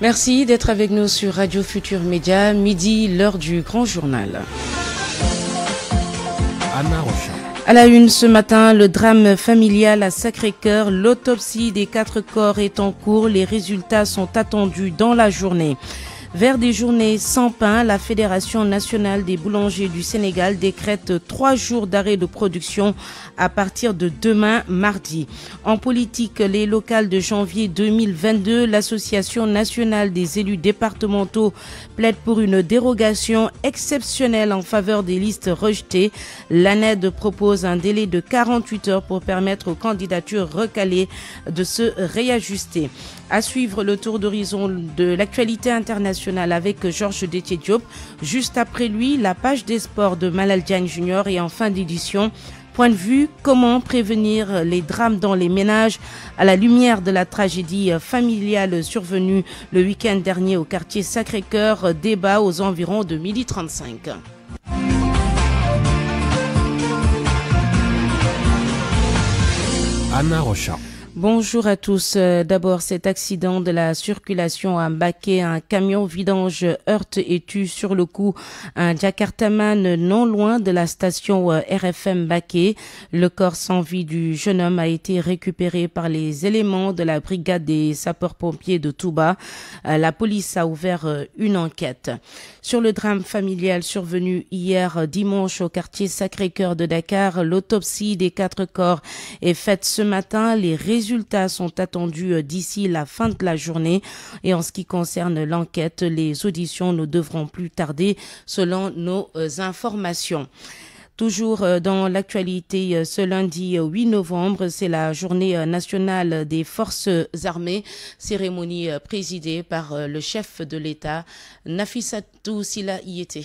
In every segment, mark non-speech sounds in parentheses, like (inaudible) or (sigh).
Merci d'être avec nous sur Radio Futur Média, midi, l'heure du grand journal. Anna À la une ce matin, le drame familial à Sacré-Cœur, l'autopsie des quatre corps est en cours, les résultats sont attendus dans la journée. Vers des journées sans pain, la Fédération nationale des boulangers du Sénégal décrète trois jours d'arrêt de production à partir de demain mardi. En politique, les locales de janvier 2022, l'Association nationale des élus départementaux plaide pour une dérogation exceptionnelle en faveur des listes rejetées. L'ANED propose un délai de 48 heures pour permettre aux candidatures recalées de se réajuster. À suivre le tour d'horizon de l'actualité internationale avec Georges Détier Diop. Juste après lui, la page des sports de Malal Junior et en fin d'édition, point de vue comment prévenir les drames dans les ménages à la lumière de la tragédie familiale survenue le week-end dernier au quartier Sacré-Cœur, débat aux environs de 12h35. Anna Rocha. Bonjour à tous. Euh, d'abord, cet accident de la circulation à Mbaké, un camion vidange heurte et tue sur le coup un Jakartaman non loin de la station euh, RFM Mbaké. Le corps sans vie du jeune homme a été récupéré par les éléments de la brigade des sapeurs-pompiers de Touba. Euh, la police a ouvert une enquête. Sur le drame familial survenu hier dimanche au quartier Sacré-Cœur de Dakar, l'autopsie des quatre corps est faite ce matin. Les les résultats sont attendus euh, d'ici la fin de la journée. Et en ce qui concerne l'enquête, les auditions ne devront plus tarder selon nos euh, informations. Toujours euh, dans l'actualité, ce lundi 8 novembre, c'est la journée nationale des forces armées, cérémonie présidée par le chef de l'État, Nafisatou Sila Yete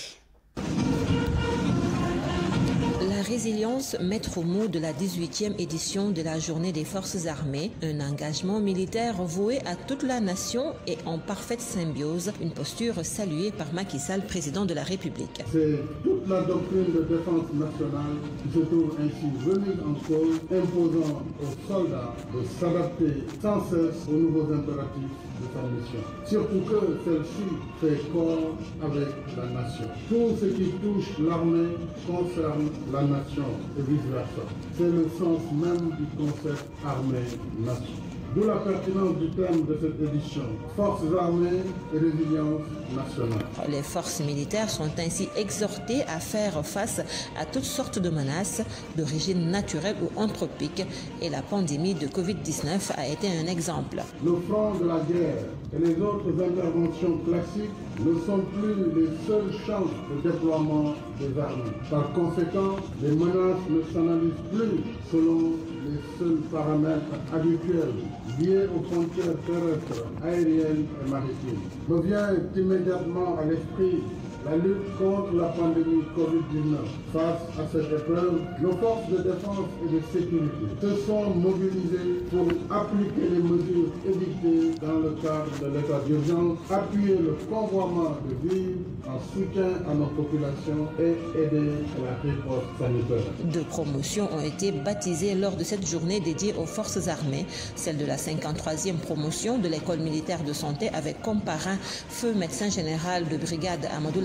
résilience, maître au mot de la 18e édition de la Journée des Forces armées, un engagement militaire voué à toute la nation et en parfaite symbiose, une posture saluée par Macky Sall, président de la République. C'est toute la doctrine de défense nationale qui se trouve ainsi venue en cause, imposant aux soldats de s'adapter sans cesse aux nouveaux impératifs mission. Surtout que celle-ci fait corps avec la nation. Tout ce qui touche l'armée concerne la nation et vice-versa. C'est le sens même du concept armée-nation. D'où la pertinence du thème de cette édition, Forces armées et résilience nationale. Les forces militaires sont ainsi exhortées à faire face à toutes sortes de menaces d'origine naturelle ou anthropique et la pandémie de Covid-19 a été un exemple. Le front de la guerre et les autres interventions classiques ne sont plus les seuls champs de déploiement des armées. Par conséquent, les menaces ne s'analysent plus selon les seuls paramètres habituels liés aux frontières terrestres, aériennes et maritimes. Revient immédiatement à l'esprit la lutte contre la pandémie Covid-19 face à cette épreuve, nos forces de défense et de sécurité se sont mobilisées pour appliquer les mesures édictées dans le cadre de l'état d'urgence, appuyer le convoiement de villes en soutien à nos populations et aider à la réponse sanitaire. Deux promotions ont été baptisées lors de cette journée dédiée aux forces armées, celle de la 53e promotion de l'école militaire de santé avec comme parrain feu médecin général de brigade Amadou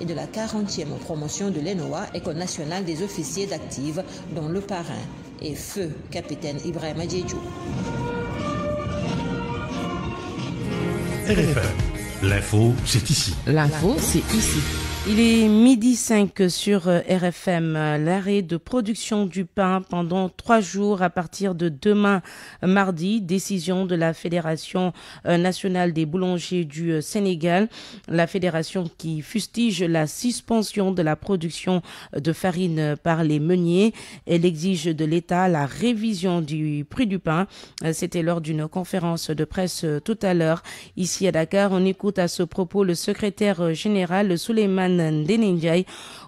et de la 40e promotion de l'ENOA, École nationale des officiers d'active, dont le parrain est feu capitaine Ibrahim Adjedjou. L'info, c'est ici. L'info, c'est ici. Il est midi 5 sur euh, RFM. Euh, l'arrêt de production du pain pendant trois jours à partir de demain mardi. Décision de la Fédération euh, nationale des boulangers du Sénégal. La fédération qui fustige la suspension de la production de farine par les meuniers. Elle exige de l'État la révision du prix du pain. C'était lors d'une conférence de presse tout à l'heure. Ici à Dakar, on écoute à ce propos le secrétaire général Souleymane Nandini Jai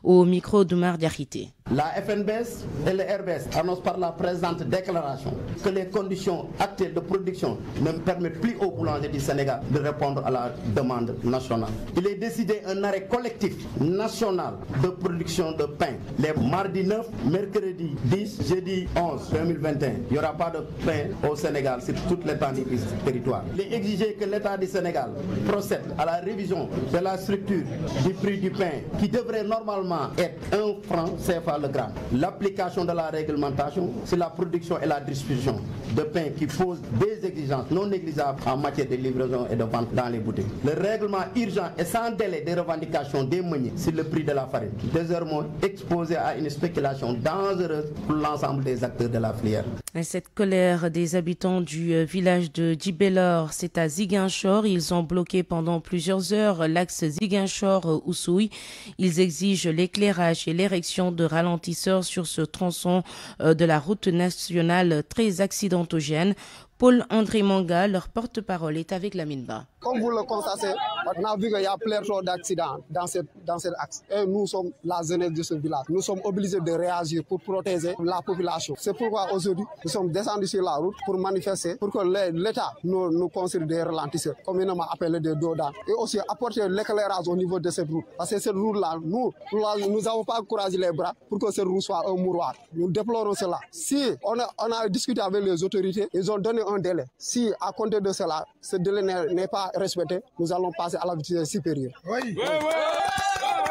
au micro d'Oumar Diarité. La FNBS et le RBS annoncent par la présente déclaration que les conditions actuelles de production ne permettent plus aux boulangers du Sénégal de répondre à la demande nationale. Il est décidé un arrêt collectif national de production de pain. Les mardis 9, mercredi 10, jeudi 11 2021, il n'y aura pas de pain au Sénégal sur toute l'étendue du territoire. Il est exigé que l'État du Sénégal procède à la révision de la structure du prix du pain qui devrait normalement est un franc CFA le gramme. L'application de la réglementation, sur la production et la distribution de pain qui pose des exigences non négligeables en matière de livraison et de vente dans les bouteilles. Le règlement urgent et sans délai des revendications des meuniers sur le prix de la farine, désormais exposé à une spéculation dangereuse pour l'ensemble des acteurs de la filière. Cette colère des habitants du euh, village de Djibelor, c'est à Ziguinchor. Ils ont bloqué pendant plusieurs heures l'axe Ziguinchor-Oussouy. Ils exigent l'éclairage et l'érection de ralentisseurs sur ce tronçon euh, de la route nationale très accidentogène. Paul-André Manga, leur porte-parole, est avec la Minba. Comme vous le constatez, on a vu qu'il y a plein trop d'accidents dans, cette, dans cet axe. Et nous sommes la jeunesse de ce village. Nous sommes obligés de réagir pour protéger la population. C'est pourquoi aujourd'hui, nous sommes descendus sur la route pour manifester, pour que l'État nous, nous considère des ralentisseurs, communément appelé des dodans. Et aussi apporter l'éclairage au niveau de cette route. Parce que cette route-là, nous, nous n'avons pas encouragé les bras pour que cette route soit un mouroir. Nous déplorons cela. Si on on a discuté avec les autorités, ils ont donné un délai. Si à compter de cela, ce délai n'est pas respecter, nous allons passer à la vitesse supérieure. Oui.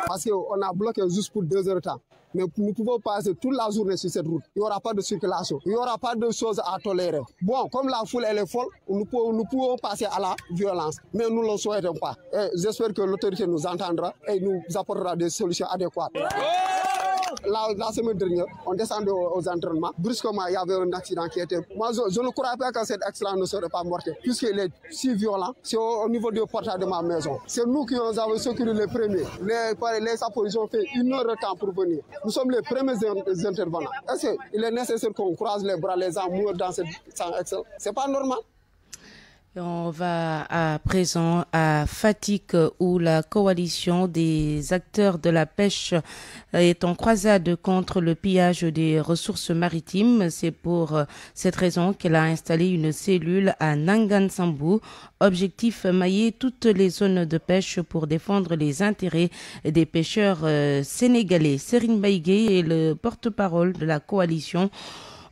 Parce qu'on a bloqué juste pour deux heures de temps. Mais nous pouvons passer toute la journée sur cette route. Il n'y aura pas de circulation. Il n'y aura pas de choses à tolérer. Bon, comme la foule, est folle, nous pouvons, nous pouvons passer à la violence. Mais nous ne le souhaitons pas. J'espère que l'autorité nous entendra et nous apportera des solutions adéquates la, semaine dernière, on descendait aux, entraînements. Brusquement, il y avait un accident qui était. Moi, je, ne crois pas que cet accident ne serait pas mortel, puisqu'il est si violent. C'est au, niveau du portail de ma maison. C'est nous qui avons secouru les premiers. Les, les sapeurs ont fait une heure de temps pour venir. Nous sommes les premiers intervenants. Est-ce qu'il est nécessaire qu'on croise les bras les amours dans cet excellent Ce C'est pas normal. On va à présent à Fatik où la coalition des acteurs de la pêche est en croisade contre le pillage des ressources maritimes. C'est pour cette raison qu'elle a installé une cellule à Nangansambu. Objectif mailler toutes les zones de pêche pour défendre les intérêts des pêcheurs euh, sénégalais. Serine Baïgué est le porte-parole de la coalition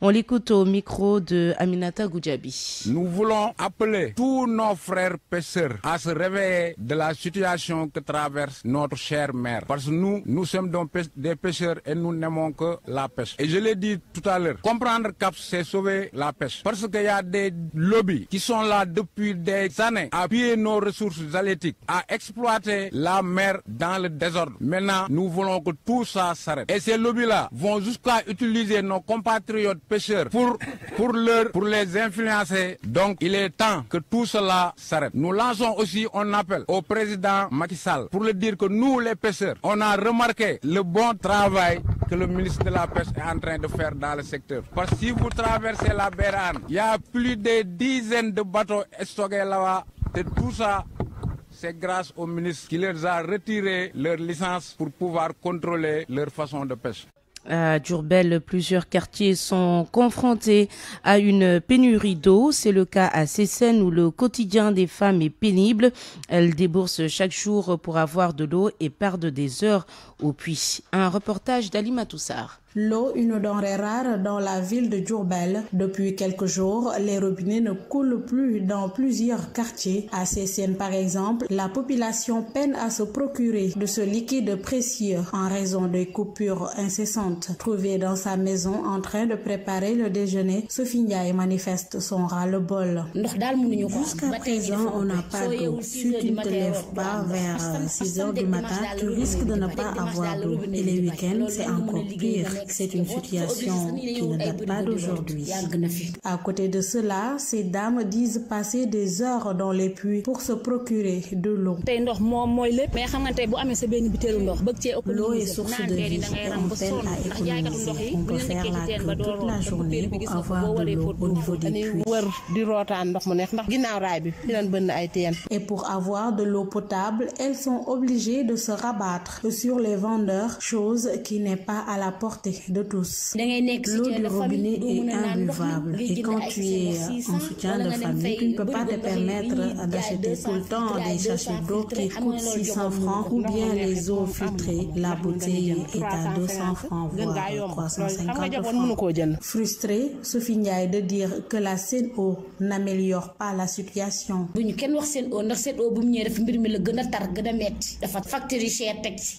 on l'écoute au micro de Aminata Goudjabi. Nous voulons appeler tous nos frères pêcheurs à se réveiller de la situation que traverse notre chère mer. Parce que nous, nous sommes donc des pêcheurs et nous n'aimons que la pêche. Et je l'ai dit tout à l'heure, comprendre CAP, c'est sauver la pêche. Parce qu'il y a des lobbies qui sont là depuis des années à piller nos ressources halétiques, à exploiter la mer dans le désordre. Maintenant, nous voulons que tout ça s'arrête. Et ces lobbies-là vont jusqu'à utiliser nos compatriotes pêcheurs pour, pour, pour les influencer. Donc, il est temps que tout cela s'arrête. Nous lançons aussi un appel au président Macky Sall pour lui dire que nous, les pêcheurs, on a remarqué le bon travail que le ministre de la Pêche est en train de faire dans le secteur. Parce que si vous traversez la Bérane, il y a plus de dizaines de bateaux stockés là-bas. Et tout ça, c'est grâce au ministre qui leur a retiré leur licence pour pouvoir contrôler leur façon de pêche. À euh, Durbel, plusieurs quartiers sont confrontés à une pénurie d'eau. C'est le cas à Sessen où le quotidien des femmes est pénible. Elles déboursent chaque jour pour avoir de l'eau et perdent des heures au puits. Un reportage d'Ali Matoussar. L'eau, une denrée rare dans la ville de Djourbel. Depuis quelques jours, les robinets ne coulent plus dans plusieurs quartiers. À Sessène, par exemple, la population peine à se procurer de ce liquide précieux en raison des coupures incessantes. Trouvé dans sa maison en train de préparer le déjeuner, Sophie et manifeste son ras-le-bol. Jusqu'à présent, on n'a pas d'eau. Si tu ne te lèves pas vers 6 heures du matin, tu risques de ne pas avoir d'eau. Et les week-ends, c'est encore pire. C'est une situation qui ne date pas d'aujourd'hui. À côté de cela, ces dames disent passer des heures dans les puits pour se procurer de l'eau. L'eau est source de vie on peut faire la queue toute la journée pour avoir de l'eau au niveau des puits. Et pour avoir de l'eau potable, elles sont obligées de se rabattre sur les vendeurs, chose qui n'est pas à la portée de tous. L'eau du robinet est imbuvable et quand tu es en soutien de famille, tu ne peux pas te permettre d'acheter tout le temps des sachets d'eau qui coûtent 600 francs ou bien les eaux filtrées. La bouteille est à 200 francs, voire 350 francs. Frustré, Sophie est de dire que la Seine-Eau n'améliore pas la situation.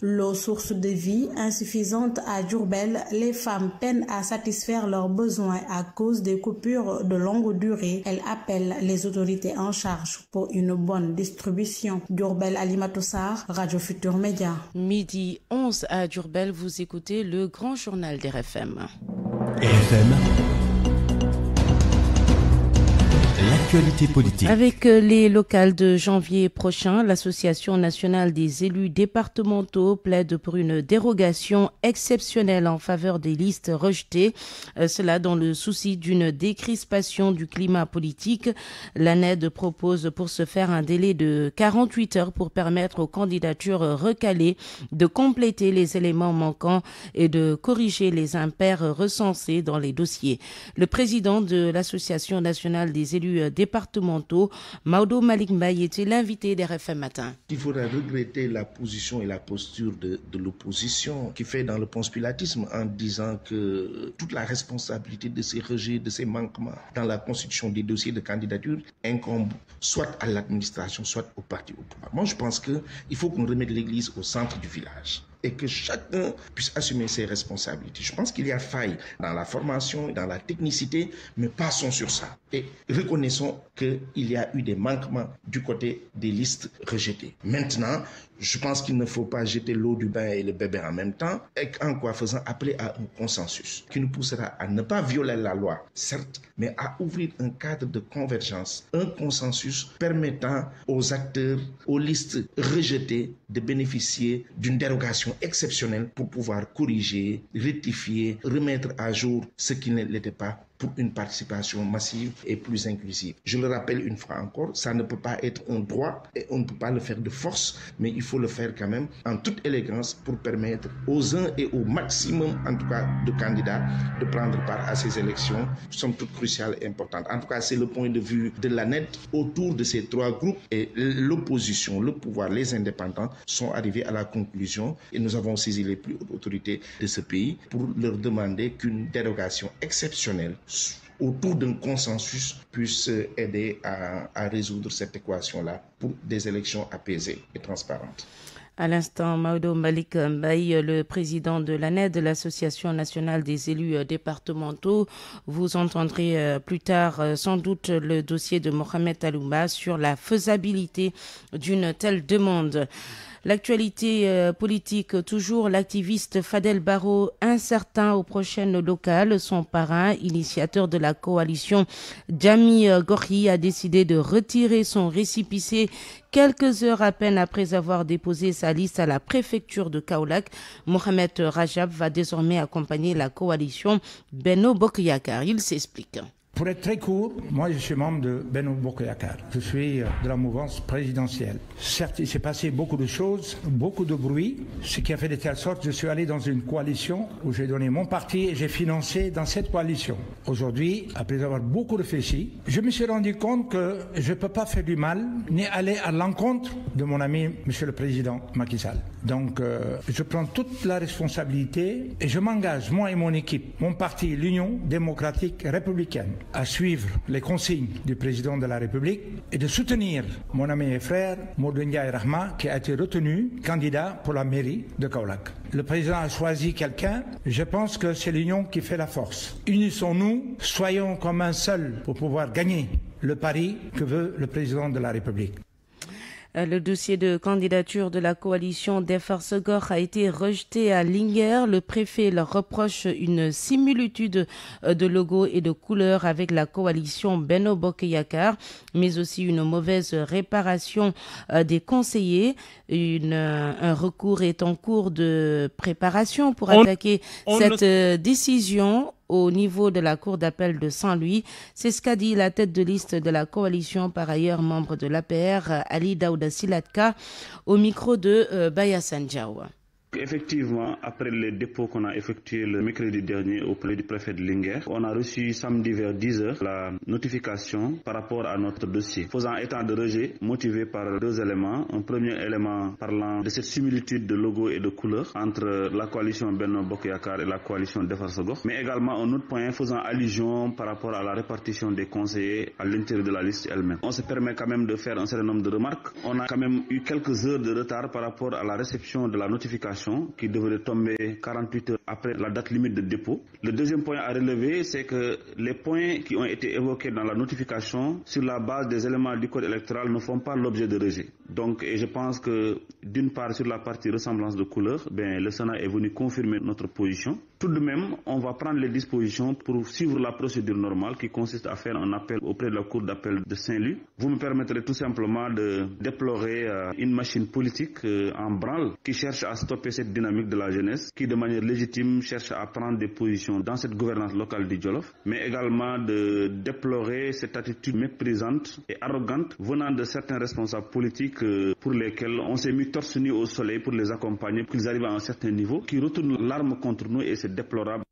L'eau source de vie insuffisante à Djourbel les femmes peinent à satisfaire leurs besoins à cause des coupures de longue durée. Elles appellent les autorités en charge pour une bonne distribution. Durbel Alimatosar, Radio Futur Média. Midi 11 à Durbel, vous écoutez le grand journal des RFM. RFM L'actualité politique. Avec euh, les locales de janvier prochain, l'Association nationale des élus départementaux plaide pour une dérogation exceptionnelle en faveur des listes rejetées. Euh, cela dans le souci d'une décrispation du climat politique. L'ANED propose pour se faire un délai de 48 heures pour permettre aux candidatures recalées de compléter les éléments manquants et de corriger les impairs recensés dans les dossiers. Le président de l'Association nationale des élus euh, départementaux. Maudo Malik Mbaye était l'invité RFM Matin. Il faudrait regretter la position et la posture de, de l'opposition qui fait dans le conspiratisme en disant que toute la responsabilité de ces rejets, de ces manquements dans la constitution des dossiers de candidature incombe soit à l'administration, soit au parti au pouvoir. Moi, je pense qu'il faut qu'on remette l'église au centre du village et que chacun puisse assumer ses responsabilités. Je pense qu'il y a faille dans la formation, dans la technicité, mais passons sur ça et reconnaissons qu'il y a eu des manquements du côté des listes rejetées. Maintenant, je pense qu'il ne faut pas jeter l'eau du bain et le bébé en même temps, et en quoi faisant appeler à un consensus qui nous poussera à ne pas violer la loi, certes, mais à ouvrir un cadre de convergence, un consensus permettant aux acteurs, aux listes rejetées de bénéficier d'une dérogation exceptionnelle pour pouvoir corriger, rectifier, remettre à jour ce qui ne l'était pas pour une participation massive et plus inclusive. Je le rappelle une fois encore, ça ne peut pas être un droit et on ne peut pas le faire de force, mais il faut le faire quand même en toute élégance pour permettre aux uns et au maximum, en tout cas, de candidats de prendre part à ces élections, qui sont toutes cruciales et importantes. En tout cas, c'est le point de vue de la NET autour de ces trois groupes et l'opposition, le pouvoir, les indépendants sont arrivés à la conclusion et nous avons saisi les plus hautes autorités de ce pays pour leur demander qu'une dérogation exceptionnelle autour d'un consensus puisse aider à, résoudre cette équation-là pour des élections apaisées et transparentes. À l'instant, Maudo Malik Mbaye, le président de l'ANED, l'Association nationale des élus euh, départementaux. Vous entendrez euh, plus tard euh, sans doute le dossier de Mohamed Alouma sur la faisabilité d'une telle demande. L'actualité euh, politique, toujours l'activiste Fadel Barro, incertain aux prochaines locales, son parrain, initiateur de la coalition, Jamie euh, Gorhi, a décidé de retirer son récipicé quelques heures à peine après avoir déposé sa liste à la préfecture de Kaolak. Mohamed Rajab va désormais accompagner la coalition Beno Bokyakar. Il s'explique. Pour être très court, moi je suis membre de Benoît Bocoyacar. Je suis euh, de la mouvance présidentielle. Certes, il s'est passé beaucoup de choses, beaucoup de bruit, ce qui a fait de telle sorte que je suis allé dans une coalition où j'ai donné mon parti et j'ai financé dans cette coalition. Aujourd'hui, après avoir beaucoup réfléchi, je me suis rendu compte que je ne peux pas faire du mal ni aller à l'encontre de mon ami, Monsieur le Président Macky Sall. Donc, euh, je prends toute la responsabilité et je m'engage, moi et mon équipe, mon parti, l'Union démocratique républicaine, à suivre les consignes du président de la République et de soutenir mon ami et frère Mourdenga Rahma qui a été retenu candidat pour la mairie de Kaolak. Le président a choisi quelqu'un, je pense que c'est l'union qui fait la force. Unissons-nous, soyons comme un seul pour pouvoir gagner le pari que veut le président de la République. Euh, le dossier de candidature de la coalition Defarsegor a été rejeté à Linger. Le préfet leur reproche une similitude euh, de logo et de couleurs avec la coalition Yakar, mais aussi une mauvaise réparation euh, des conseillers. Une, un recours est en cours de préparation pour attaquer cette décision au niveau de la Cour d'appel de Saint-Louis. C'est ce qu'a dit la tête de liste de la coalition, par ailleurs membre de l'APR, Ali Daouda Silatka, au micro de euh, Bayasanjawa. Effectivement, après les dépôts qu'on a effectués le mercredi dernier auprès du préfet de Linger, on a reçu samedi vers 10h la notification par rapport à notre dossier, faisant état de rejet motivé par deux éléments. Un premier élément parlant de cette similitude de logo et de couleurs entre la coalition Benno Bokyakar et la coalition Defarsogor, mais également un autre point faisant allusion par rapport à la répartition des conseillers à l'intérieur de la liste elle-même. On se permet quand même de faire un certain nombre de remarques. On a quand même eu quelques heures de retard par rapport à la réception de la notification qui devrait tomber 48 heures après la date limite de dépôt. Le deuxième point à relever, c'est que les points qui ont été évoqués dans la notification sur la base des éléments du code électoral ne font pas l'objet de rejet. Donc, et je pense que d'une part sur la partie ressemblance de couleur, ben, le Sénat est venu confirmer notre position. Tout de même, on va prendre les dispositions pour suivre la procédure normale qui consiste à faire un appel auprès de la Cour d'appel de Saint-Louis. Vous me permettrez tout simplement de déplorer euh, une machine politique euh, en branle qui cherche à stopper cette dynamique de la jeunesse qui, de manière légitime, cherche à prendre des positions dans cette gouvernance locale du mais également de déplorer cette attitude méprisante et arrogante venant de certains responsables politiques euh, pour lesquels on s'est mis torse nu au soleil pour les accompagner, pour qu'ils arrivent à un certain niveau, qui retournent l'arme contre nous et c'est déplorable.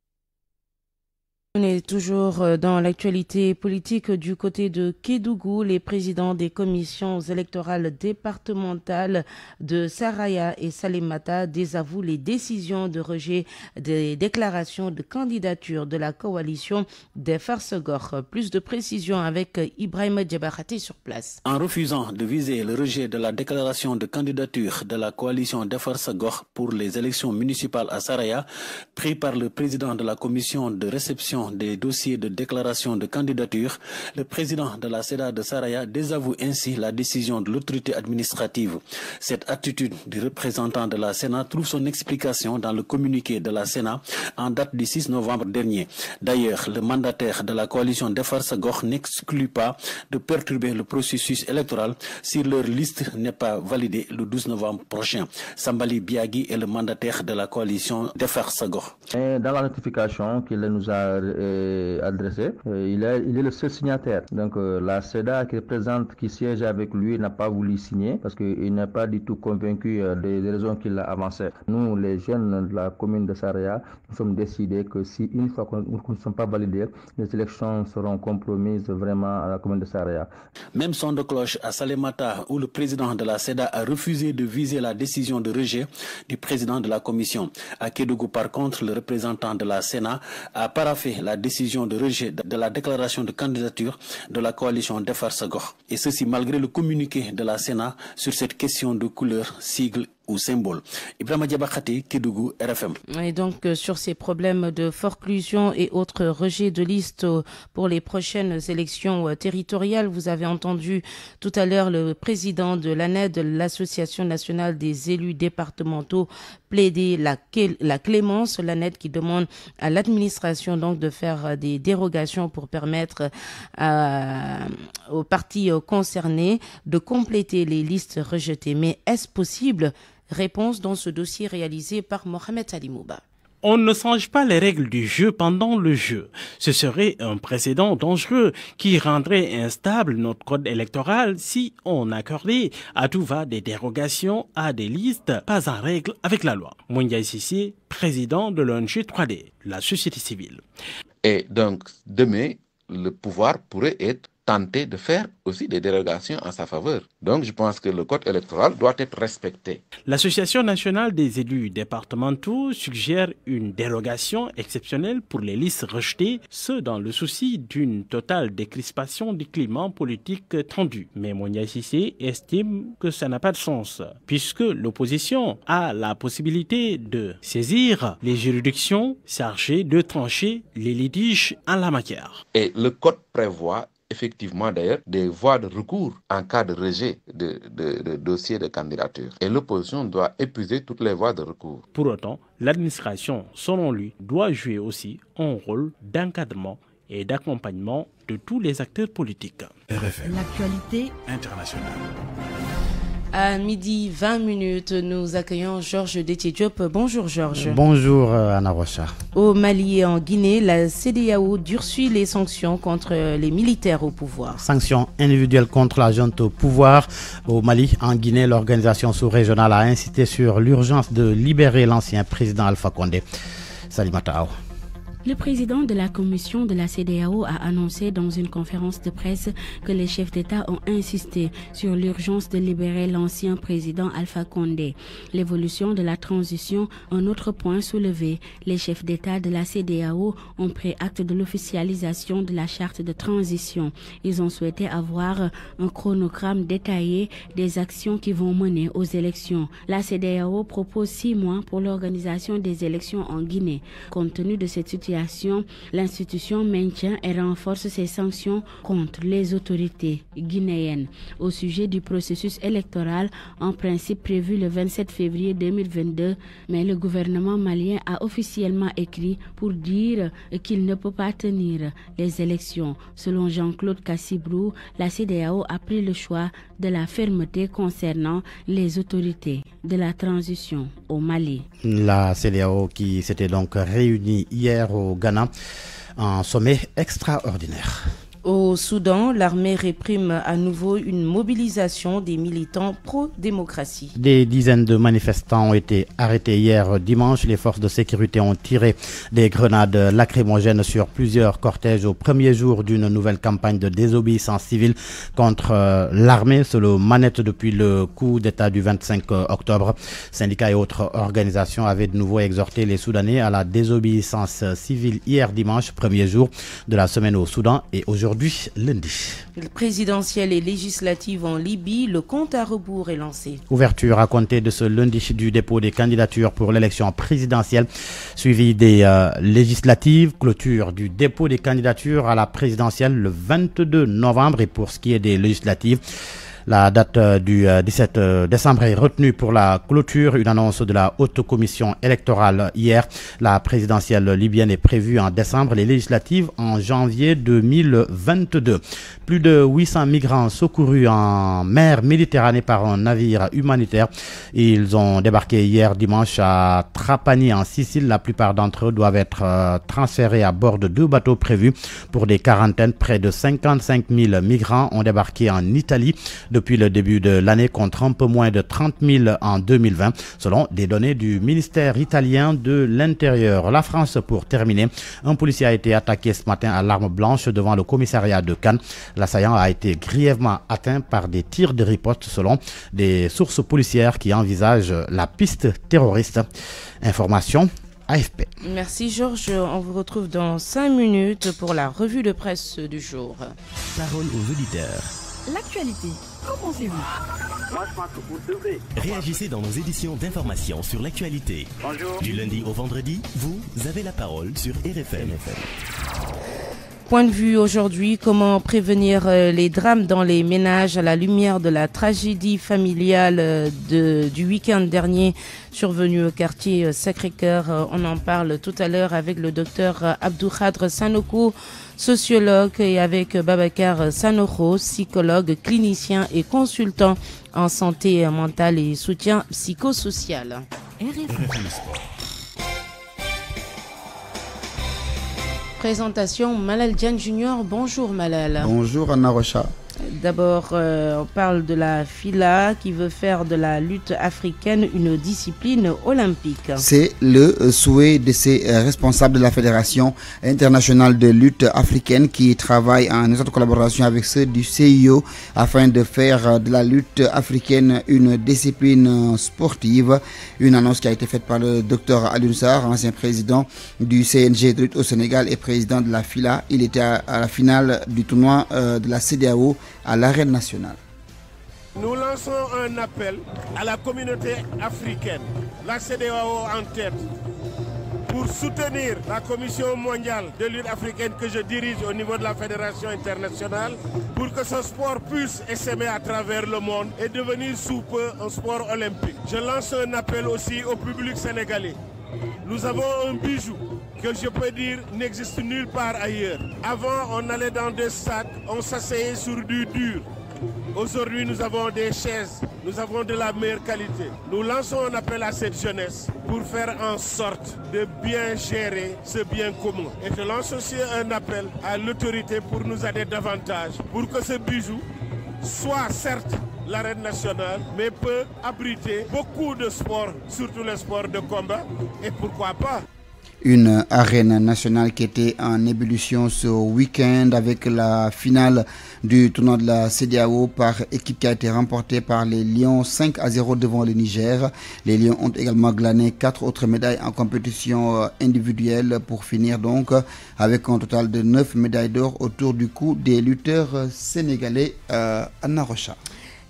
On est toujours euh, dans l'actualité politique du côté de Kédougou. Les présidents des commissions électorales départementales de Saraya et Salemata désavouent les décisions de rejet des déclarations de candidature de la coalition des Farsegor. Plus de précisions avec Ibrahim Djabarati sur place. En refusant de viser le rejet de la déclaration de candidature de la coalition des Farsegor pour les élections municipales à Saraya, pris par le président de la commission de réception des dossiers de déclaration de candidature, le président de la SEDA de Saraya désavoue ainsi la décision de l'autorité administrative. Cette attitude du représentant de la Sénat trouve son explication dans le communiqué de la Sénat en date du 6 novembre dernier. D'ailleurs, le mandataire de la coalition Sagor n'exclut pas de perturber le processus électoral si leur liste n'est pas validée le 12 novembre prochain. Sambali Biagi est le mandataire de la coalition Defarsagor. Dans la notification qu'il nous a euh, adressé, euh, il, est le seul signataire. Donc euh, la SEDA qui présente, qui siège avec lui, n'a pas voulu signer parce qu'il n'est pas du tout convaincu des, raisons qu'il a avancées. Nous, les jeunes de la commune de Saria, nous sommes décidés que si une fois qu'on ne sont pas validés, les élections seront compromises vraiment à la commune de Saria. Même son de cloche à Salemata, où le président de la SEDA a refusé de viser la décision de rejet du président de la commission. À Kédougou, par contre, le représentant de la Sénat e a paraffé la décision de rejet de la déclaration de candidature de la coalition Defar Sagor. Et ceci malgré le communiqué de la Sénat sur cette question de couleur, sigle ou symbole. Et donc, euh, sur ces problèmes de forclusion et autres rejets de liste euh, pour les prochaines élections euh, territoriales, vous avez entendu tout à l'heure le président de l'ANED, l'Association nationale des élus départementaux, plaider la, clémence, l'ANED qui demande à l'administration donc de faire des dérogations pour permettre aux partis concernés de compléter les listes rejetées. Mais est-ce possible Réponse dans ce dossier réalisé par Mohamed Alimouba on ne change pas les règles du jeu pendant le jeu. Ce serait un précédent dangereux qui rendrait instable notre code électoral si on accordait à tout va des dérogations à des listes pas en règle avec la loi. Mounia Sissi, président de l'ONG 3D, la société civile. Et donc, demain, le pouvoir pourrait être tenter de faire aussi des dérogations en sa faveur. Donc je pense que le code électoral doit être respecté. L'Association nationale des élus départementaux suggère une dérogation exceptionnelle pour les listes rejetées, ce dans le souci d'une totale décrispation du climat politique tendu. Mais Monia Sissé estime que ça n'a pas de sens, puisque l'opposition a la possibilité de saisir les juridictions chargées de trancher les litiges en la matière. Et le code prévoit effectivement d'ailleurs des voies de recours en cas de rejet de, de, de dossier de candidature. Et l'opposition doit épuiser toutes les voies de recours. Pour autant, l'administration, selon lui, doit jouer aussi un rôle d'encadrement et d'accompagnement de tous les acteurs politiques. L'actualité internationale. À midi 20 minutes, nous accueillons Georges détier Bonjour Georges. Bonjour euh, Anna Rocha. Au Mali et en Guinée, la CDAO durcit les sanctions contre les militaires au pouvoir. Sanctions individuelles contre la junte au pouvoir. Au Mali, en Guinée, l'organisation sous-régionale a insisté sur l'urgence de libérer l'ancien président Alpha Condé. Matao. Le président de la commission de la CDAO a annoncé dans une conférence de presse que les chefs d'État ont insisté sur l'urgence de libérer l'ancien président Alpha Condé. L'évolution de la transition, un autre point soulevé. Les chefs d'État de la CDAO ont pris acte de l'officialisation de la charte de transition. Ils ont souhaité avoir un chronogramme détaillé des actions qui vont mener aux élections. La CDAO propose six mois pour l'organisation des élections en Guinée. Compte tenu de cette l'institution maintient et renforce ses sanctions contre les autorités guinéennes au sujet du processus électoral en principe prévu le 27 février 2022, mais le gouvernement malien a officiellement écrit pour dire qu'il ne peut pas tenir les élections. Selon Jean-Claude Cassibrou, la CDAO a pris le choix de la fermeté concernant les autorités de la transition au Mali. La CDAO qui s'était donc réunie hier au au Ghana. Un sommet extraordinaire. Au Soudan, l'armée réprime à nouveau une mobilisation des militants pro-démocratie. Des dizaines de manifestants ont été arrêtés hier dimanche. Les forces de sécurité ont tiré des grenades lacrymogènes sur plusieurs cortèges au premier jour d'une nouvelle campagne de désobéissance civile contre euh, l'armée, selon Manette, depuis le coup d'État du 25 octobre. Syndicats et autres organisations avaient de nouveau exhorté les Soudanais à la désobéissance civile hier dimanche, premier jour de la semaine au Soudan et aujourd'hui lundi. Le et législative en Libye, le compte à rebours est lancé. Ouverture à compter de ce lundi du dépôt des candidatures pour l'élection présidentielle, suivi des euh, législatives, clôture du dépôt des candidatures à la présidentielle le 22 novembre et pour ce qui est des législatives. La date euh, du 17 euh, euh, décembre est retenue pour la clôture. Une annonce de la Haute Commission électorale hier. La présidentielle libyenne est prévue en décembre, les législatives en janvier 2022. Plus de 800 migrants secourus en mer Méditerranée par un navire humanitaire. Ils ont débarqué hier dimanche à Trapani en Sicile. La plupart d'entre eux doivent être transférés à bord de deux bateaux prévus pour des quarantaines. Près de 55 000 migrants ont débarqué en Italie depuis le début de l'année contre un peu moins de 30 000 en 2020, selon des données du ministère italien de l'Intérieur. La France, pour terminer, un policier a été attaqué ce matin à l'arme blanche devant le commissariat de Cannes. L'assaillant a été grièvement atteint par des tirs de riposte, selon des sources policières qui envisagent la piste terroriste. Information AFP. Merci Georges. On vous retrouve dans 5 minutes pour la revue de presse du jour. Parole aux L'actualité, qu'en pensez-vous Réagissez dans nos éditions d'informations sur l'actualité. Bonjour. Du lundi au vendredi, vous avez la parole sur RFM. Point de vue aujourd'hui, comment prévenir euh, les drames dans les ménages à la lumière de la tragédie familiale euh, du week-end dernier survenu au quartier euh, Sacré-Cœur. On en parle tout à l'heure avec le docteur Abdoukhadr Sanoko, sociologue, et avec Babakar Sanoko, psychologue, clinicien et consultant en santé mentale et soutien psychosocial. présentation Malal Diane Junior. Bonjour Malal. Bonjour Anna Rocha. D'abord, euh, on parle de la FILA qui veut faire de la lutte africaine une discipline olympique. C'est le euh, souhait de ces euh, responsables de la Fédération internationale de lutte africaine qui travaille en étroite collaboration avec ceux du CIO afin de faire de la lutte africaine une discipline sportive. Une annonce qui a été faite par le docteur Alunsar, ancien président du CNG de lutte au Sénégal et président de la FILA. Il était à la finale du tournoi de la CDAO à l'arène nationale. Nous lançons un appel à la communauté africaine, la CDAO en tête, pour soutenir la Commission mondiale de lutte africaine que je dirige au niveau de la Fédération internationale, pour que ce sport puisse s'aimer à travers le monde et devenir sous peu un sport olympique. Je lance un appel aussi au public sénégalais. Nous avons un bijou que je peux dire n'existe nulle part ailleurs. Avant, on allait dans des sacs, on s'asseyait sur du dur. Aujourd'hui, nous avons des chaises, nous avons de la meilleure qualité. Nous lançons un appel à cette jeunesse pour faire en sorte de bien gérer ce bien commun. Et je lance aussi un appel à l'autorité pour nous aider davantage, pour que ce bijou soit certes l'arène nationale, mais peut abriter beaucoup de sports, surtout les sports de combat, et pourquoi pas une arène nationale qui était en ébullition ce week-end avec la finale du tournoi de la CDAO par équipe qui a été remportée par les Lions 5 à 0 devant le Niger. Les Lions ont également glané quatre autres médailles en compétition euh, individuelle pour finir donc avec un total de 9 médailles d'or autour du cou des lutteurs euh, sénégalais Anna euh, Rocha.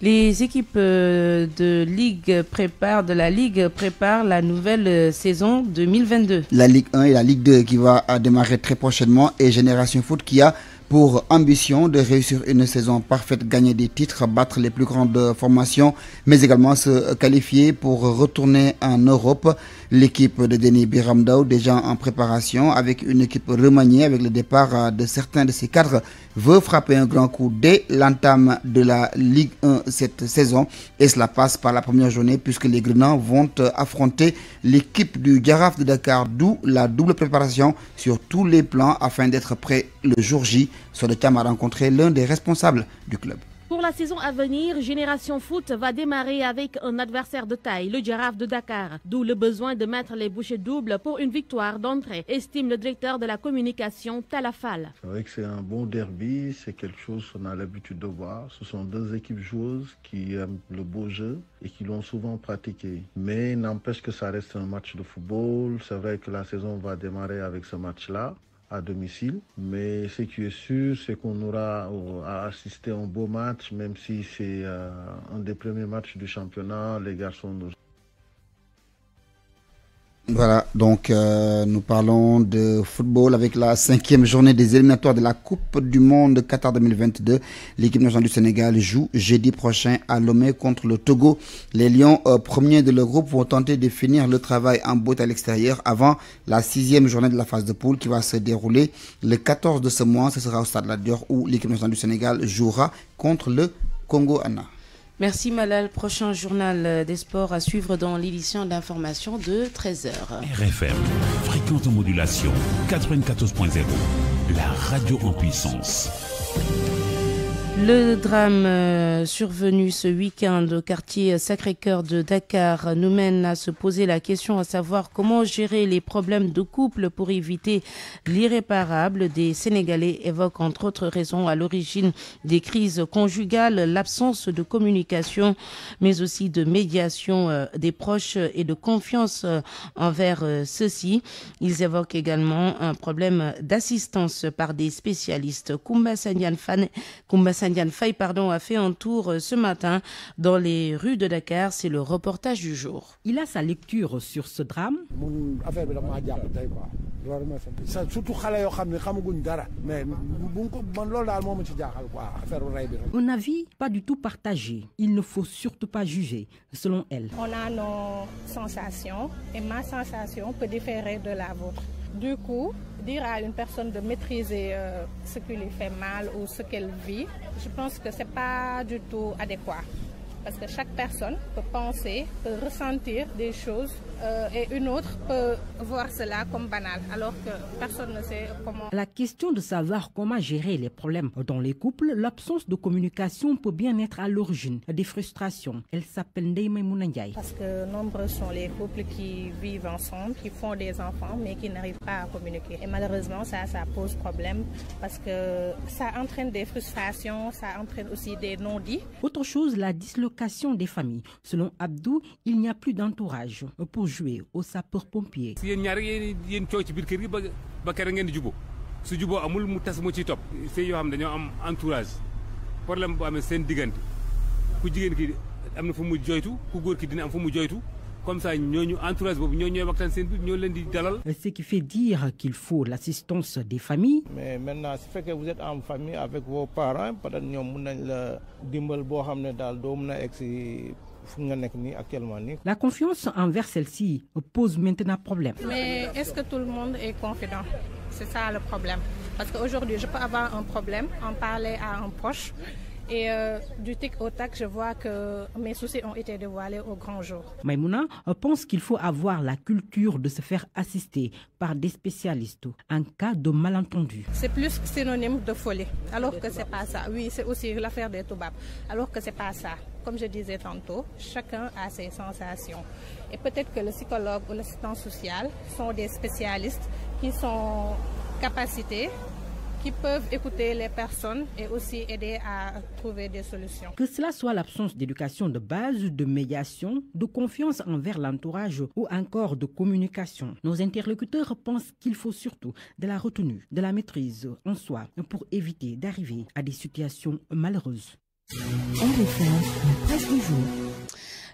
Les équipes euh, de Ligue de la Ligue préparent la nouvelle euh, saison 2022. La Ligue 1 et la Ligue 2 qui va euh, démarrer très prochainement et Génération Foot qui a pour ambition de réussir une saison parfaite, gagner des titres, battre les plus grandes formations, mais également se qualifier pour retourner en Europe. L'équipe de Denis Biramdaou, déjà en préparation avec une équipe remaniée avec le départ euh, de certains de ses cadres, veut frapper un grand coup dès l'entame de la Ligue 1 cette saison. Et cela passe par la première journée puisque les Grenans vont euh, affronter l'équipe du Garaf de Dakar, d'où la double préparation sur tous les plans afin d'être prêt le jour J. sur le thème à rencontrer l'un des responsables du club. Pour la saison à venir, Génération Foot va démarrer avec un adversaire de taille, le Giraffe de Dakar, d'où le besoin de mettre les bouchées doubles pour une victoire d'entrée, estime le directeur de la communication Talafal. C'est vrai que c'est un bon derby, c'est quelque chose qu'on a l'habitude de voir. Ce sont deux équipes joueuses qui aiment le beau jeu et qui l'ont souvent pratiqué. Mais n'empêche que ça reste un match de football. C'est vrai que la saison va démarrer avec ce match-là à domicile. Mais ce qui est sûr, c'est qu'on aura euh, à assister à un beau match, même si c'est euh, un des premiers matchs du championnat. Les garçons nous voilà, donc euh, nous parlons de football avec la cinquième journée des éliminatoires de la Coupe du Monde Qatar 2022. L'équipe nationale du Sénégal joue jeudi prochain à Lomé contre le Togo. Les Lions, euh, premiers de leur groupe, vont tenter de finir le travail en bout à l'extérieur avant la sixième journée de la phase de poule qui va se dérouler le 14 de ce mois. Ce sera au Stade Ladior où l'équipe nationale du Sénégal jouera contre le Congo Anna. Merci Malal. Prochain journal euh, des sports à suivre dans l'édition d'information de 13h. RFM, fréquente modulation 94.0, la radio en puissance. Le drame euh, survenu ce week-end au quartier Sacré-Cœur de Dakar nous mène à se poser la question à savoir comment gérer les problèmes de couple pour éviter l'irréparable. Des Sénégalais évoquent entre autres raisons à l'origine des crises conjugales l'absence de communication mais aussi de médiation euh, des proches et de confiance euh, envers ceux-ci. Ils évoquent également un problème d'assistance par des spécialistes. Kumba Sandiane Faye pardon, a fait un tour euh, ce matin dans les rues de Dakar. C'est le reportage du jour. Il a sa lecture sur ce drame. Mon avis pas du tout partagé. Il ne faut surtout pas juger, selon elle. On a nos sensations et ma sensation peut différer de la vôtre. Du coup, dire à une personne de maîtriser euh, ce qui lui fait mal ou ce qu'elle vit, je pense que ce n'est pas du tout adéquat. Parce que chaque personne peut penser, peut ressentir des choses euh, et une autre peut voir cela comme banal, alors que personne ne sait comment. La question de savoir comment gérer les problèmes dans les couples, l'absence de communication peut bien être à l'origine des frustrations. Elle s'appelle Ndeime Mounandiaï. Parce que nombreux sont les couples qui vivent ensemble, qui font des enfants, mais qui n'arrivent pas à communiquer. Et malheureusement, ça, ça pose problème parce que ça entraîne des frustrations, ça entraîne aussi des non-dits. Autre chose, la dislocation des familles. Selon Abdou, il n'y a plus d'entourage. Pour jouer au sapeurs-pompiers. ce qui fait dire qu'il faut l'assistance des familles. mais maintenant vous êtes en famille avec vos parents la confiance envers celle-ci pose maintenant problème. Mais est-ce que tout le monde est confident C'est ça le problème. Parce qu'aujourd'hui, je peux avoir un problème, en parler à un proche. Et euh, du tic au tac, je vois que mes soucis ont été dévoilés au grand jour. Maïmouna euh, pense qu'il faut avoir la culture de se faire assister par des spécialistes en cas de malentendu. C'est plus synonyme de folie, alors que c'est pas ça. Oui, c'est aussi l'affaire des Toubab, alors que c'est pas ça comme je disais tantôt, chacun a ses sensations. Et peut-être que le psychologue ou l'assistant social sont des spécialistes qui sont capacités qui peuvent écouter les personnes et aussi aider à trouver des solutions. Que cela soit l'absence d'éducation de base, de médiation, de confiance envers l'entourage ou encore de communication, nos interlocuteurs pensent qu'il faut surtout de la retenue, de la maîtrise en soi pour éviter d'arriver à des situations malheureuses. RFR, la presse du jour.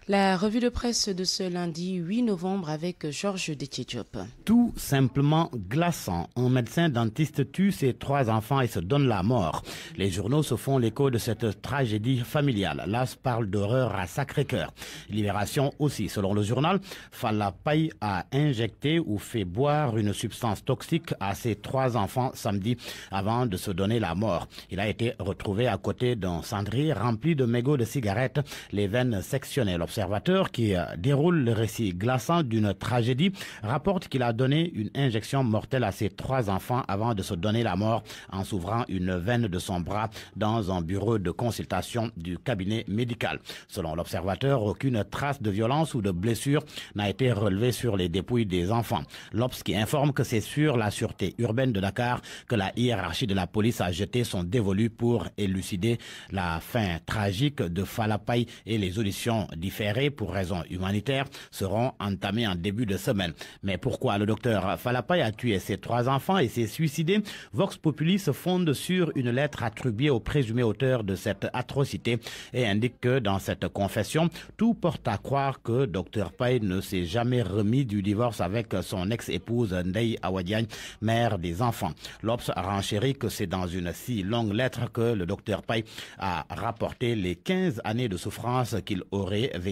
La revue de presse de ce lundi 8 novembre avec Georges Détietiop. Tout simplement glaçant. Un médecin dentiste tue ses trois enfants et se donne la mort. Les journaux se font l'écho de cette tragédie familiale. L'As parle d'horreur à Sacré-Cœur. Libération aussi. Selon le journal, Falapaye a injecté ou fait boire une substance toxique à ses trois enfants samedi avant de se donner la mort. Il a été retrouvé à côté d'un cendrier rempli de mégots de cigarettes, les veines sectionnelles. L'Observateur, qui euh, déroule le récit glaçant d'une tragédie, rapporte qu'il a donné une injection mortelle à ses trois enfants avant de se donner la mort en s'ouvrant une veine de son bras dans un bureau de consultation du cabinet médical. Selon l'Observateur, aucune trace de violence ou de blessure n'a été relevée sur les dépouilles des enfants. L'Obs qui informe que c'est sur la sûreté urbaine de Dakar que la hiérarchie de la police a jeté son dévolu pour élucider la fin tragique de Falapay et les auditions différentes pour raisons humanitaires seront entamés en début de semaine. Mais pourquoi le docteur Falapay a tué ses trois enfants et s'est suicidé Vox Populi se fonde sur une lettre attribuée au présumé auteur de cette atrocité et indique que dans cette confession, tout porte à croire que docteur Pay ne s'est jamais remis du divorce avec son ex-épouse Ndei Awadian, mère des enfants. L'Obs renchéri que c'est dans une si longue lettre que le docteur Pay a rapporté les 15 années de souffrance qu'il aurait vécu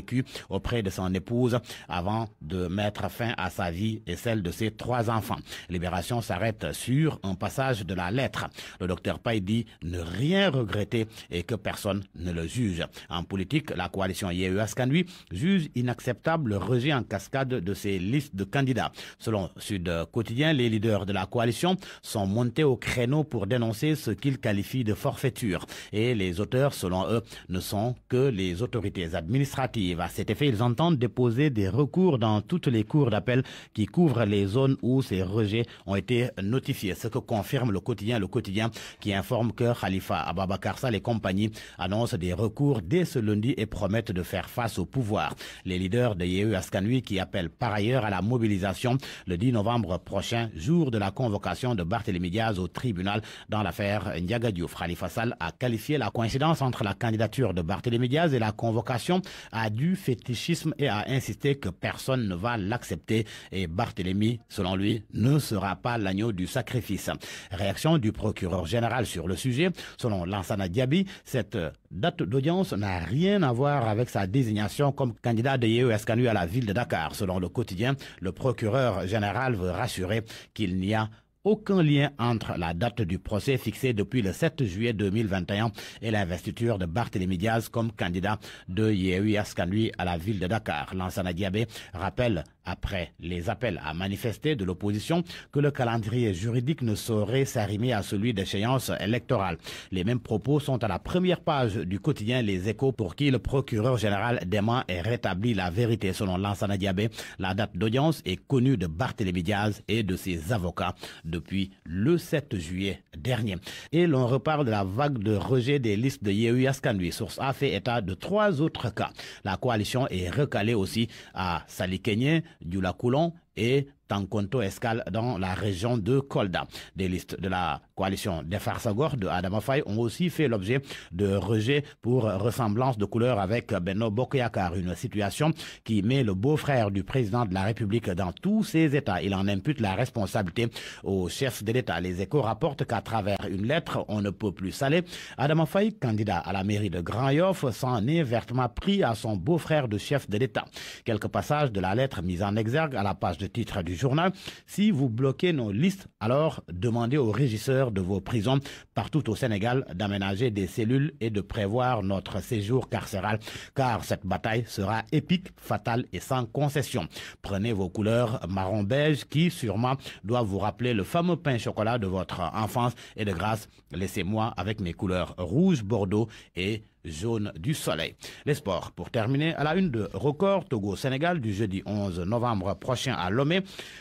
auprès de son épouse avant de mettre fin à sa vie et celle de ses trois enfants. Libération s'arrête sur un passage de la lettre. Le docteur Pay dit ne rien regretter et que personne ne le juge. En politique, la coalition ieu Ascanui juge inacceptable le rejet en cascade de ses listes de candidats. Selon Sud Quotidien, les leaders de la coalition sont montés au créneau pour dénoncer ce qu'ils qualifient de forfaiture. Et les auteurs, selon eux, ne sont que les autorités administratives à cet effet, ils entendent déposer des recours dans toutes les cours d'appel qui couvrent les zones où ces rejets ont été notifiés. Ce que confirme le quotidien, le quotidien qui informe que Khalifa Ababakar Sall et compagnie annoncent des recours dès ce lundi et promettent de faire face au pouvoir. Les leaders de Yehu Askanui qui appellent par ailleurs à la mobilisation le 10 novembre prochain, jour de la convocation de Barthélémy Diaz au tribunal dans l'affaire Ndiaga Khalifa Sall a qualifié la coïncidence entre la candidature de Barthélémy Diaz et la convocation à du fétichisme et a insisté que personne ne va l'accepter et Barthélemy, selon lui, ne sera pas l'agneau du sacrifice. Réaction du procureur général sur le sujet. Selon Lansana Diaby, cette date d'audience n'a rien à voir avec sa désignation comme candidat de IEUS à la ville de Dakar. Selon le quotidien, le procureur général veut rassurer qu'il n'y a aucun lien entre la date du procès fixé depuis le 7 juillet 2021 et l'investiture de Barthélémy Diaz comme candidat de Yehui Askanui à la ville de Dakar. Lansana Diabé rappelle après les appels à manifester de l'opposition que le calendrier juridique ne saurait s'arrimer à celui d'échéance électorale. Les mêmes propos sont à la première page du quotidien Les Échos pour qui le procureur général dément et rétablit la vérité selon Lansana Diabé. La date d'audience est connue de Barthélémy Diaz et de ses avocats depuis le 7 juillet dernier. Et l'on reparle de la vague de rejet des listes de Yehu Source A fait état de trois autres cas. La coalition est recalée aussi à Salikenye, du Lacoulon et Tankonto Escale dans la région de Kolda. Des listes de la coalition des Farsagor de Adama Faye ont aussi fait l'objet de rejets pour ressemblance de couleur avec Benno Bokk une situation qui met le beau-frère du président de la République dans tous ses états. Il en impute la responsabilité au chef de l'État. Les Échos rapportent qu'à travers une lettre, on ne peut plus saler. Adama Faye, candidat à la mairie de Grand Yoff, s'en est vertement pris à son beau-frère de chef de l'État. Quelques passages de la lettre mise en exergue à la page de titre du journal. Si vous bloquez nos listes, alors demandez au régisseur de vos prisons partout au Sénégal d'aménager des cellules et de prévoir notre séjour carcéral, car cette bataille sera épique, fatale et sans concession. Prenez vos couleurs marron-beige qui sûrement doivent vous rappeler le fameux pain chocolat de votre enfance et de grâce, laissez-moi avec mes couleurs rouge, bordeaux et jaune du soleil. Les sports, pour terminer, à la une de record Togo-Sénégal du jeudi 11 novembre prochain à Lomé,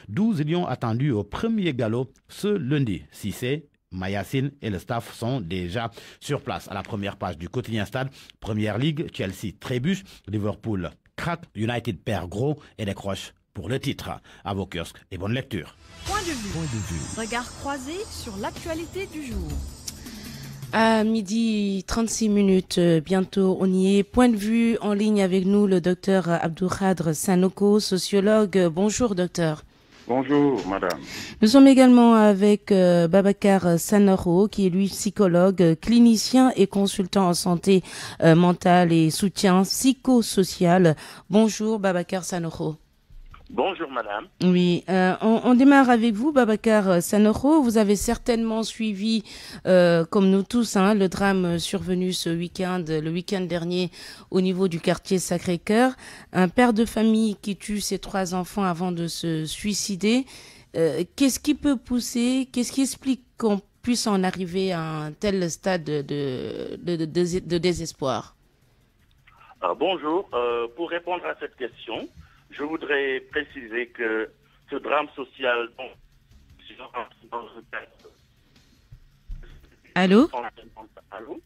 12 lions attendus au premier galop ce lundi. c'est Mayassine et le staff sont déjà sur place. À la première page du quotidien stade, Première Ligue, Chelsea trébuche, Liverpool craque, United perd gros et décroche pour le titre. À vos kiosques et bonne lecture. Point de vue. Regard croisé sur l'actualité du jour. À midi 36 minutes, euh, bientôt on y est. Point de vue en ligne avec nous, le docteur Abdoukhadr Sanoko, sociologue. Bonjour docteur. Bonjour, madame. Nous sommes également avec euh, Babacar Sanoro, qui est lui psychologue, euh, clinicien et consultant en santé euh, mentale et soutien psychosocial. Bonjour, Babacar Sanoro. Bonjour madame. Oui, euh, on, démarre avec vous, Babacar Sanoro. Vous avez certainement suivi, euh, comme nous tous, hein, le drame survenu ce week-end, le week-end dernier, au niveau du quartier Sacré-Cœur. Un père de famille qui tue ses trois enfants avant de se suicider. Euh, qu'est-ce qui peut pousser, qu'est-ce qui explique qu'on puisse en arriver à un tel stade de, désespoir ah, Bonjour. pour répondre à cette question, je voudrais préciser que ce drame social Allô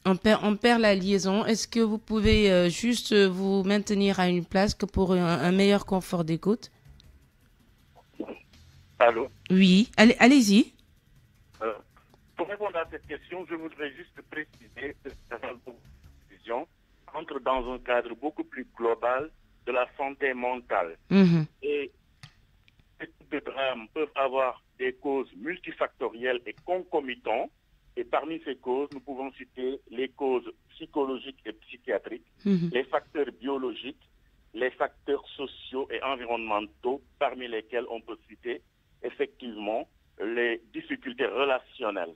on perd, on perd la liaison. Est-ce que vous pouvez euh, juste euh, vous maintenir à une place pour un, meilleur confort d'écoute Allô Oui, allez-y. Allez euh, pour répondre à cette question, je voudrais juste préciser que cette vision, entre dans un cadre beaucoup plus global de la santé mentale. Mhm. Et ces types de drames peuvent avoir des causes multifactorielles et concomitantes. Et parmi ces causes, nous pouvons citer les causes psychologiques et psychiatriques, mhm. les facteurs biologiques, les facteurs sociaux et environnementaux, parmi lesquels on peut citer effectivement les difficultés relationnelles.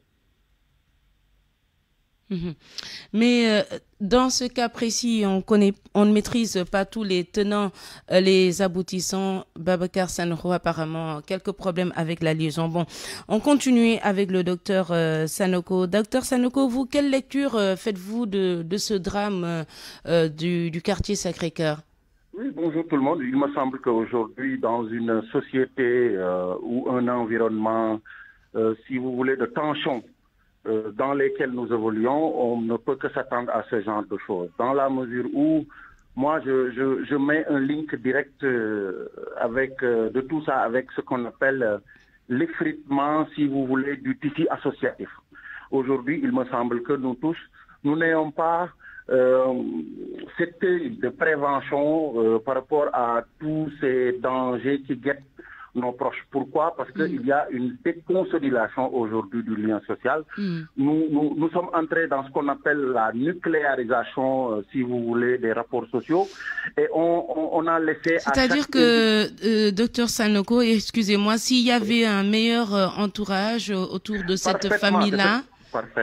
Mhm. Mais euh, dans ce cas précis, on, connaît, on ne maîtrise pas tous les tenants, euh, les aboutissants. Babacar Sanro, apparemment, quelques problèmes avec la liaison. Bon, on continue avec le docteur euh, Sanoko. Docteur Sanoko, vous, quelle lecture faites-vous de, ce drame du, du, quartier Sacré-Cœur oui, bonjour tout le monde. Il me semble qu'aujourd'hui, dans une société ou un environnement, si vous voulez, de tension, euh, dans lesquels nous évoluons, on ne peut que s'attendre à ce genre de choses. Dans la mesure où moi, je, je, je mets un link direct euh, avec euh, de tout ça avec ce qu'on appelle l'effritement, si vous voulez, du tissu associatif. Aujourd'hui, il me semble que nous tous, nous n'ayons pas cette de prévention par rapport à tous ces dangers qui guettent nos proches. Pourquoi Parce qu'il mm. y a une déconsolidation aujourd'hui du lien social. Mm. Nous, nous, sommes entrés dans ce qu'on appelle la nucléarisation, euh, si vous voulez, des rapports sociaux. Et on, a laissé... C'est-à-dire que, euh, docteur Sanoko, excusez-moi, s'il y avait un meilleur euh, entourage autour de cette famille-là...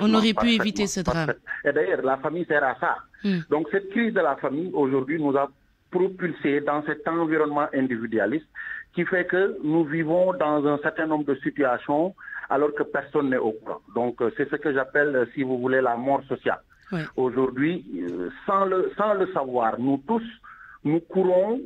On aurait pu éviter ce drame. Et d'ailleurs, la famille sert à ça. Mm. Donc cette crise de la famille, aujourd'hui, nous a propulsé dans cet environnement individualiste qui fait que nous vivons dans un certain nombre de situations alors que personne n'est au courant. Donc euh, c'est ce que j'appelle, euh, si vous voulez, la mort sociale. Aujourd'hui, euh, sans le, savoir, nous tous, nous courons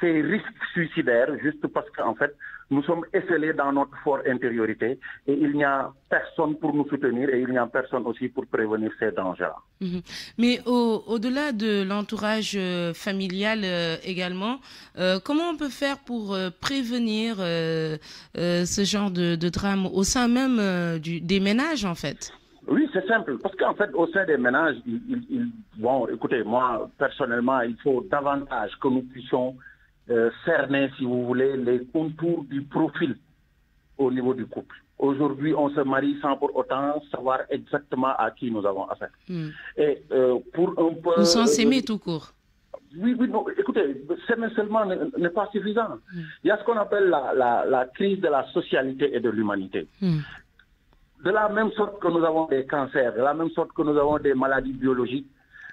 ces risques suicidaires juste parce qu'en fait, nous sommes esselés dans notre forte intériorité et il n'y a personne pour nous soutenir et il n'y a personne aussi pour prévenir ces dangers-là. Mhm. Mais au-delà de l'entourage euh, familial euh, également, euh, comment on peut faire pour prévenir ce genre de, drame au sein même du, des ménages en fait oui, c'est simple. Parce qu'en fait, au sein des ménages, bon, écoutez, moi, personnellement, il faut davantage que nous puissions euh, cerner, si vous voulez, les contours du profil au niveau du couple. Aujourd'hui, on se marie sans pour autant savoir exactement à qui nous avons affaire. Hmm. Et euh, pour un peu... Nous sommes tout court. Oui, oui, écoutez, s'aimer seulement n'est pas suffisant. Hmm. Il y a ce qu'on appelle la, crise de la socialité et de l'humanité. Hmm. De la même sorte que nous avons des cancers, de la même sorte que nous avons des maladies biologiques,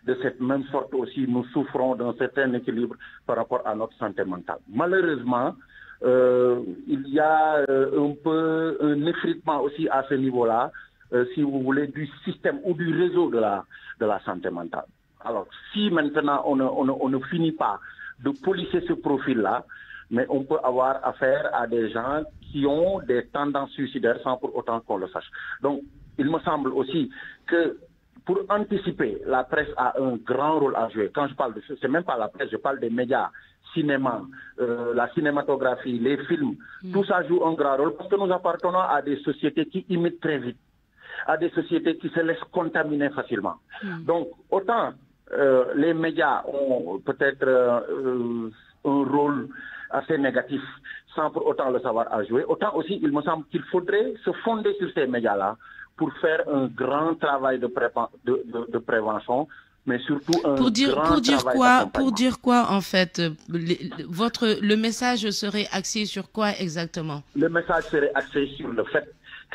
de cette même sorte aussi, nous souffrons d'un certain équilibre par rapport à notre santé mentale. Malheureusement, euh, il y a euh, un peu un effritement aussi à ce niveau-là, euh, si vous voulez, du système ou du réseau de la, de la santé mentale. Alors, si maintenant on ne, on on ne finit pas de polisser ce profil-là, mais on peut avoir affaire à des gens qui ont des tendances suicidaires sans pour autant qu'on le sache. Donc, il me semble aussi que pour anticiper, la presse a un grand rôle à jouer. Quand je parle de ce n'est même pas la presse, je parle des médias, cinéma, euh, la cinématographie, les films. Hmm. Tout ça joue un grand rôle parce que nous appartenons à des sociétés qui imitent très vite, à des sociétés qui se laissent contaminer facilement. Hmm. Donc, autant euh, les médias ont peut-être euh, un rôle assez négatif sans pour autant le savoir à jouer, autant aussi il me semble qu'il faudrait se fonder sur ces médias-là pour faire un grand travail de, de, prévention, mais surtout un pour dire, grand pour dire quoi Pour dire quoi, en fait euh, votre, Le message serait axé sur quoi exactement Le message serait axé sur le fait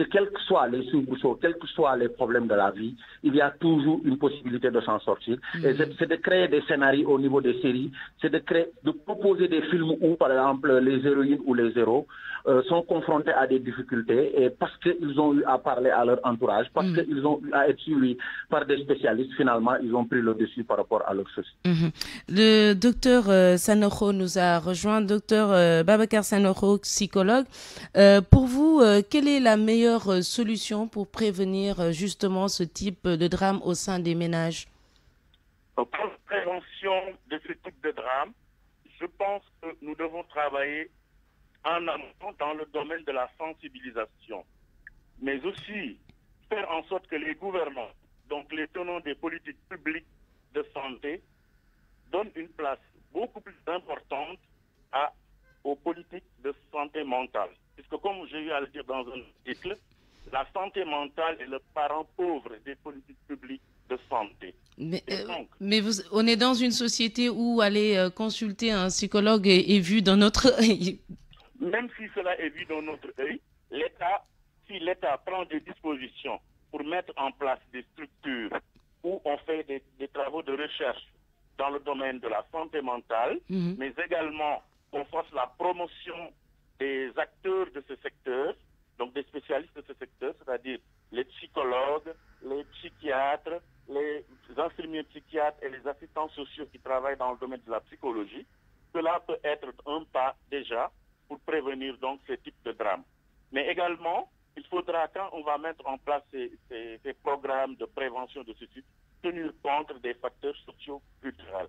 quels que soient les sous quels que soient les problèmes de la vie, il y a toujours une possibilité de s'en sortir. Et mm. c'est de créer des scénarios au niveau des séries, c'est de de proposer des films où, par exemple, les héroïnes ou les héros euh, sont confrontés à des difficultés et parce qu'ils ont eu à parler à leur entourage, parce mm. qu'ils ont eu à être suivis par des spécialistes, finalement, ils ont pris le dessus par rapport à leur société. Mm-hmm. Le docteur euh, nous a rejoint, docteur euh, Babacar psychologue. Euh, pour vous, quelle est la meilleure euh, solutions pour prévenir euh, justement ce type de drame au sein des ménages Pour la prévention de ce type de drame, je pense que nous devons travailler en amont dans le domaine de la sensibilisation, mais aussi faire en sorte que les gouvernements, donc les tenants des politiques publiques de santé, donnent une place beaucoup plus importante aux politiques de santé mentale puisque comme j'ai eu à le dire dans un article, la santé mentale est le parent pauvre des politiques publiques de santé. Mais, euh, mais on est dans une société où aller euh, consulter un psychologue est, vu dans notre (laughs) œil. Même si cela est vu dans notre œil, l'État, si l'État prend des dispositions pour mettre en place des structures où on fait des, travaux de recherche dans le domaine de la santé mentale, mhm. mais également qu'on fasse la promotion des acteurs de ce secteur, donc des spécialistes de ce secteur, c'est-à-dire les psychologues, les psychiatres, les infirmiers psychiatres et les assistants sociaux qui travaillent dans le domaine de la psychologie. Cela peut être un pas déjà pour prévenir donc ce type de drame. Mais également, il faudra, quand on va mettre en place ces, programmes de prévention de ce type, tenir compte des facteurs sociaux culturels.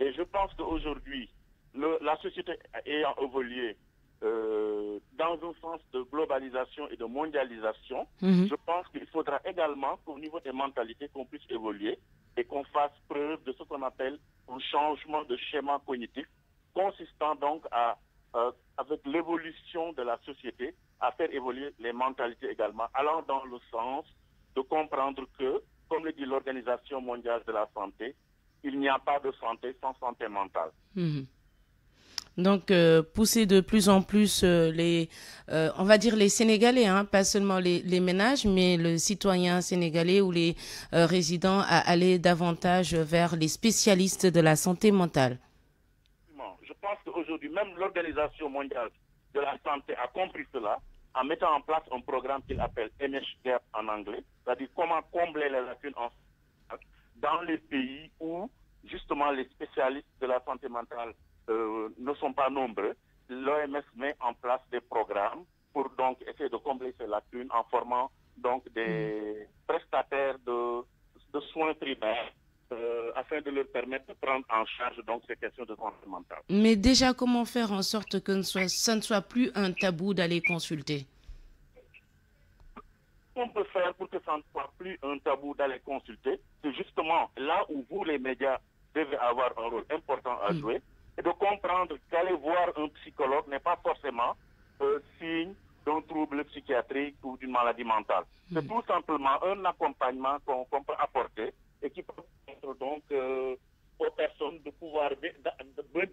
Et je pense qu'aujourd'hui, la société ayant évolué, euh, dans un sens de globalisation et de mondialisation, mhm. je pense qu'il faudra également qu'au niveau des mentalités qu'on puisse évoluer et qu'on fasse preuve de ce qu'on appelle un changement de schéma cognitif, consistant donc à, euh, avec l'évolution de la société, à faire évoluer les mentalités également, allant dans le sens de comprendre que, comme le dit l'Organisation mondiale de la santé, il n'y a pas de santé sans santé mentale. Mhm. Donc euh, pousser de plus en plus euh, les, euh, on va dire les Sénégalais, hein, pas seulement les, ménages, mais le citoyen sénégalais ou les résidents à aller davantage vers les spécialistes de la santé mentale. Je pense qu'aujourd'hui, même l'Organisation mondiale de la santé a compris cela en mettant en place un programme qu'il appelle MHGAP en anglais, c'est-à-dire comment combler les lacunes dans les pays où justement les spécialistes de la santé mentale ne sont pas nombreux, l'OMS met en place des programmes pour donc essayer de combler ces lacunes en formant donc des mm. prestataires de, soins primaires euh, afin de leur permettre de prendre en charge donc ces questions de santé mentale. Mais déjà, comment faire en sorte que ça ne soit plus un tabou d'aller consulter on peut faire pour que ça ne soit plus un tabou d'aller consulter, c'est justement là où vous, les médias, devez avoir un rôle important à mm. jouer, et de comprendre qu'aller voir un psychologue n'est pas forcément un signe d'un trouble psychiatrique ou d'une maladie mentale. Hmm. C'est tout simplement un accompagnement qu'on peut apporter et qui peut donc euh, aux personnes de pouvoir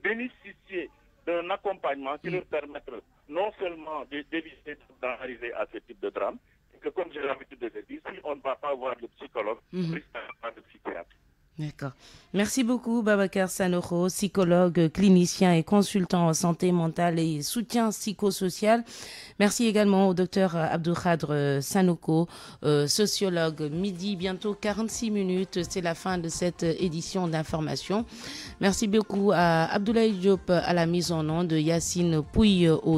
bénéficier d'un accompagnement qui hmm. leur permettra non seulement d'éviter d'arriver à ce type de drame, et que comme j'ai l'habitude de le dire, si on ne va pas voir le psychologue, mmh. on ne pas psychiatre. D'accord. Merci beaucoup, Babakar Sanoro, psychologue, clinicien et consultant en santé mentale et soutien psychosocial. Merci également au docteur Abdoukhadr euh, Sanoko, euh, sociologue. Midi, bientôt 46 minutes. C'est la fin de cette édition d'information. Merci beaucoup à Abdoulaye Diop à la mise en nom de Yacine Pouille.